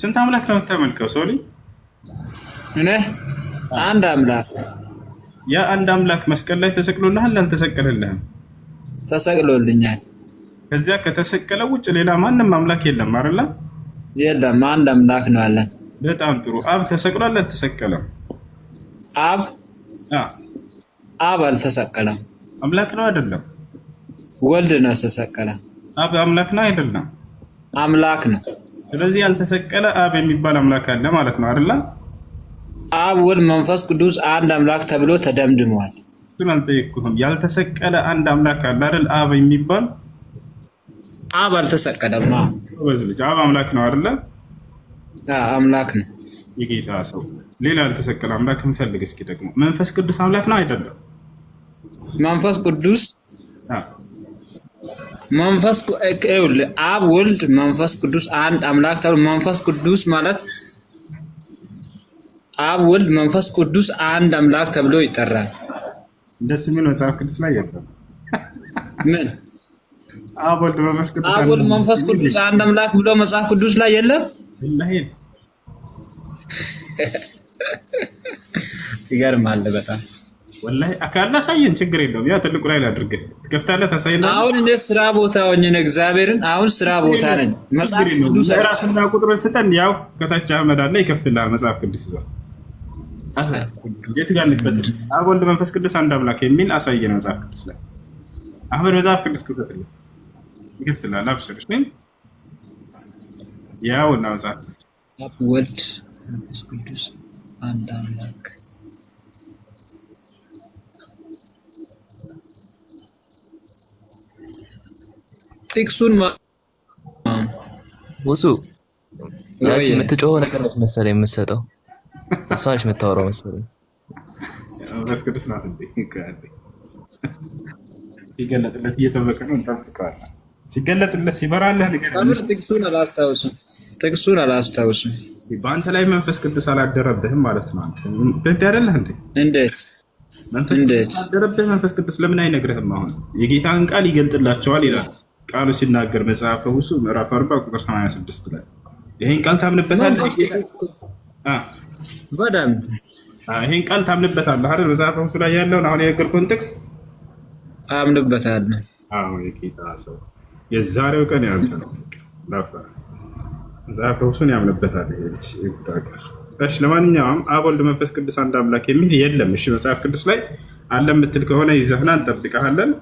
ስንት አምላክ ነው የምታመልከው? ሰው እኔ አንድ አምላክ። ያ አንድ አምላክ መስቀል ላይ ተሰቅሎልሃል? አልተሰቀለልህም? ተሰቅሎልኛል። ከዚያ ከተሰቀለው ውጭ ሌላ ማንም አምላክ የለም አይደል? የለም፣ አንድ አምላክ ነው አለን በጣም ጥሩ። አብ ተሰቅሏል? አልተሰቀለም? አብ አብ አልተሰቀለም። አምላክ ነው አይደለም? ወልድ ነው ተሰቀለ። አብ አምላክ ነው አይደለም? አምላክ ነው ስለዚህ ያልተሰቀለ አብ የሚባል አምላክ አለ ማለት ነው አይደለ? አብ ወልድ፣ መንፈስ ቅዱስ አንድ አምላክ ተብሎ ተደምድሟል። ግን አልጠየቅኩህም። ያልተሰቀለ አንድ አምላክ አለ አይደል? አብ የሚባል አብ አልተሰቀለም። አብ አምላክ ነው አይደለ? አምላክ ነው የጌታ ሰው። ሌላ ያልተሰቀለ አምላክ እንፈልግ እስኪ። ደግሞ መንፈስ ቅዱስ አምላክ ነው አይደለም? መንፈስ ቅዱስ መንፈስ ቅዱስ አብ ወልድ መንፈስ ቅዱስ አንድ አምላክ ተብሎ መንፈስ ቅዱስ ማለት አብ ወልድ መንፈስ ቅዱስ አንድ አምላክ ተብሎ ይጠራል። ደስ የሚል መጽሐፍ ቅዱስ ላይ የለም። ምን አብ ወልድ መንፈስ ቅዱስ አንድ አምላክ ብሎ መጽሐፍ ቅዱስ ላይ የለም። ይገርማል በጣም ወላሂ አካል አሳየን፣ ችግር የለውም። ያ ትልቁ ላይ ላድርግህ ትከፍታለህ፣ ታሳይና። አሁን እኔ ስራ ቦታ ሆኜ ነው እግዚአብሔርን፣ አሁን ስራ ቦታ ነኝ። መጽሐፍ ቅዱስ ራስና ቁጥሩን ስጠን። ያው ከታች አህመድ አለ ይከፍትልሃል። መጽሐፍ ቅዱስ ይዟል። የት ጋር እንፈትሽ? አብ ወልድ መንፈስ ቅዱስ አንድ አምላክ የሚል አሳየን መጽሐፍ ቅዱስ ላይ። አህመድ መጽሐፍ ቅዱስ ክፈትልህ፣ ይከፍትልሃል። አብሽር። ያው እና መጽሐፍ ወልድ መንፈስ ቅዱስ አንድ አምላክ ጥቅሱን ውሱ ያቺ የምትጮኸው ነገር ነች መሰለኝ የምትሰጠው እሷ ነች የምታወራው መሰለኝ። ቅዱስ ናት ሲገለጥለት እየጠበቀ ነው እንጠብቀዋለን። ሲገለጥለት ሲበራለህ ጥቅሱን አላስታውስም፣ ጥቅሱን አላስታውስም። በአንተ ላይ መንፈስ ቅዱስ አላደረብህም ማለት ነው። አንተ ብህድ አይደለህ እንዴ? እንዴት መንፈስ ቅዱስ አላደረብህ? መንፈስ ቅዱስ ለምን አይነግርህም? አሁን የጌታን ቃል ይገልጥላቸዋል ይላል ቃሉ ሲናገር መጽሐፈ ውሱ ምዕራፍ አርባ ቁጥር 86 ላይ ይህን ቃል ታምንበታለህ? በደምብ ይህን ቃል ታምንበታለህ አይደል? መጽሐፈ ውሱ ላይ ያለውን አሁን የነገርኩህን ጥቅስ አምንበታለሁ። የጌታ ሰው የዛሬው ቀን ያንተ ነው። መጽሐፈ ውሱን ያምንበታል እሺ ለማንኛውም አብ ወልድ መንፈስ ቅዱስ አንድ አምላክ የሚል የለም። እሺ መጽሐፍ ቅዱስ ላይ አለ የምትል ከሆነ ይዘህና እንጠብቀሃለን።